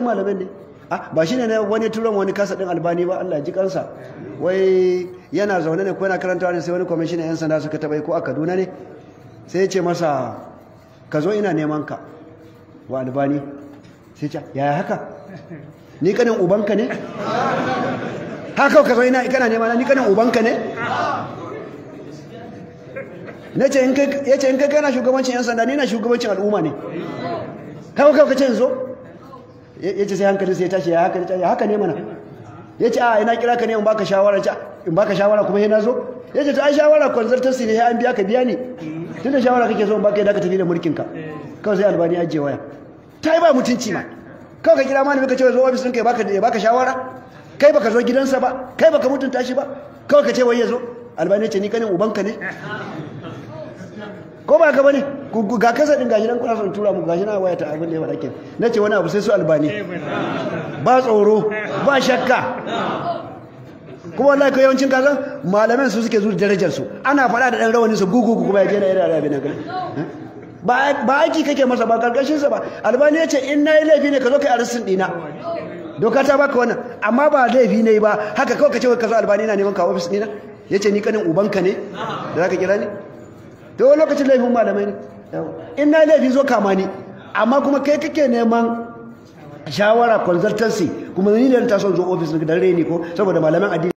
malamin ne ah, ba shi ne wani turan wani kasa din albani ba Allah ji kansa wai yana zaune ne ko yana karanta ne sai wani kwamishinan yan sanda suka taba ko a Kaduna ne sai ya ce masa ka zo ina neman ka wa albani sai ce yi haka ni kanin ubanka ne haka ka zo ina kana neman ni kanin ubanka ne nace in kai yace in kai kana shugabancin yan sanda ni na shugabancin al'umma ne kawo kawo ka ce zo ya ce sai hankali sai ya tashi ya haka ya tashi haka ne mana ya ce a ina kira ka ne in baka shawara in baka shawara kuma yana zo ya ce ta shawara kwanzartar su ne an biya ka biya ne tunda shawara kake so in baka yadda ka tafi da mulkin ka kawai sai albani ajiye waya ta yi ba mutunci ma kawai ka kira mana muka ce zo ofis ɗinka ya baka shawara kai baka zo gidansa ba kai baka mutunta shi ba kawai ka ce wai ya zo albani ce ni kanin ubanka ne ko ba ka bane ga kasa din gashi nan kuna son tura mu gashi na waya ta abin da ya faɗa kin nace wani abu sai su albani ba tsoro ba shakka kuma wallahi ko yawancin kaza malamin su suke zuwa darajar su ana faɗa da dan rawani su gugu kuma ya kena irin yana rabi na gani ba aiki kake masa ba karkashin sa ba albani yace in nayi laifi ne ka zo kai arsin dina doka ta baka wannan amma ba laifi ne ba haka kawai ka ce ka zo albani na neman ka ofis dina yace ni kanin ubanka ne da zaka kira ni da wani lokacin laifin malamai ne ina laifi zo kama ni amma kuma kai kake neman shawara consultancy kuma ni da ta son zo office da ne ko saboda malaman addini